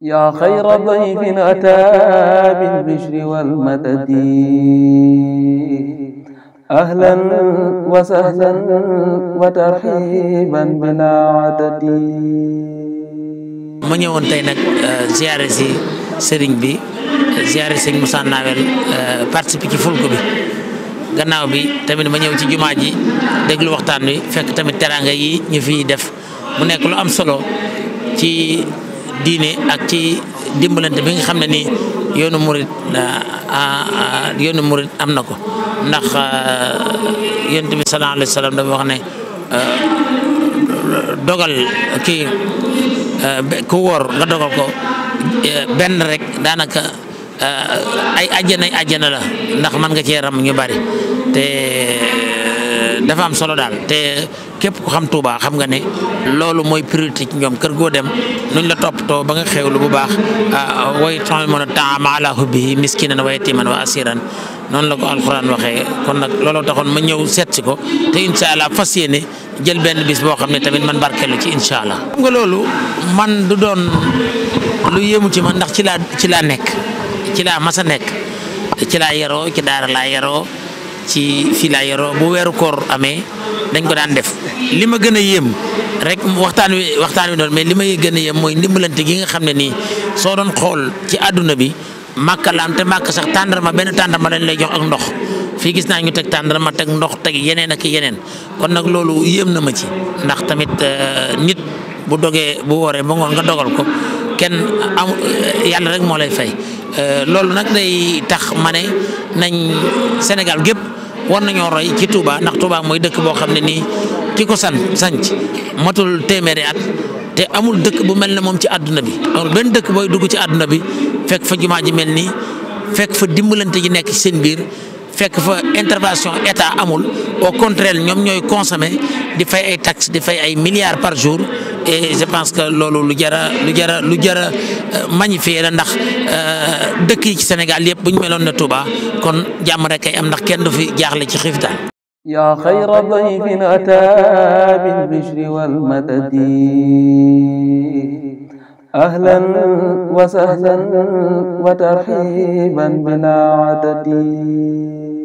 yaa xayra dayfin ataa bil bishri wal madadi ahlan wa sahlan wa tarxiiban bilaa adadi ma ñëwoon tey nag ziare si sëriñ bi ziare sëriñ Moussa Nawel participe ci fulku bi gannaaw bi tamit ma ñëw ci jumaa ji déglu waxtaan wi fekk tamit teraanga yi ñu fi def mu nekk lu am solo ci diine ak ci dimbalante bi nga xam ne nii yoonu murit ah, ah, ah, yoonu murit am na ko ndax yonent bi sallallahu alayhi wa sallam dafa wax ne dogal kii ku wor nga dogal ko eh, benn rek daanaka ay ajjana ajjana la ndax mën nga cee ram ñu bari te dafa am solo daal te képp ko xam Touba xam nga ne loolu mooy priorité ci ñoom kër goo dem nuñ la toppatoo ba nga xewlu bu baax ah, way tu'imuna ta'ama ala hubbihi miskinan wa yatiman wa asiran noonu la ko alxuraan kon nag looloo taxoon ma ñëw seet ko te incha allah fas jël benn bis boo xam ne tamit man barkeelu ci incha allah. xam nga loolu man du doon lu yéemu ci man ndax ci laa ci laa nekk ci laa mas nekk ci laa yaroo ci daara laa yaroo. ci fii laa yoroo bu weeru koor amee dañ ko daan def li ma gën a yéem rek waxtaan wi waxtaan wi doon mais li may gën a yéem mooy ndimbalante gi nga xam ne nii soo doon xool ci àdduna bi màkka laam te màkk sax tàndarma benn tàndarma lañ lay jox ak ndox fii gis naa ñu teg tàndarma teg ndox teg yeneen ak yeneen kon nag loolu yéem na ma ci ndax tamit euh, nit bu dogee bu wooree ba ngoon nga dogal ko kenn am yàlla rek moo lay fay. Euh, loolu nag day tax ma ne nañ Sénégal gépp war nañoo roy ci Touba ndax Touba mooy dëkk boo xam ne nii ki ko san sanc matul téeméeri at te amul dëkk bu mel ne moom ci àdduna bi amul benn dëkk booy dugg ci àdduna bi fekk fa jumaa ji mel nii fekk fa dimbalante ji nekk ci seen biir fekk fa intervention état amul au contraire ñoom ñooy consommer di fay ay taxes di fay ay milliards par jour et je pense que loolu lu jara lu jara lu jara euh, magnifier la ndax euh, dëkk yi ci Sénégal yëpp buñ ñu meloon na Touba kon jàmm rek am ndax kenn du fi jaaxle ci xiif daal yaa xayra ataa bil bishri wal madadi ahlan wa sahlan wa tarhiban bilaa adadi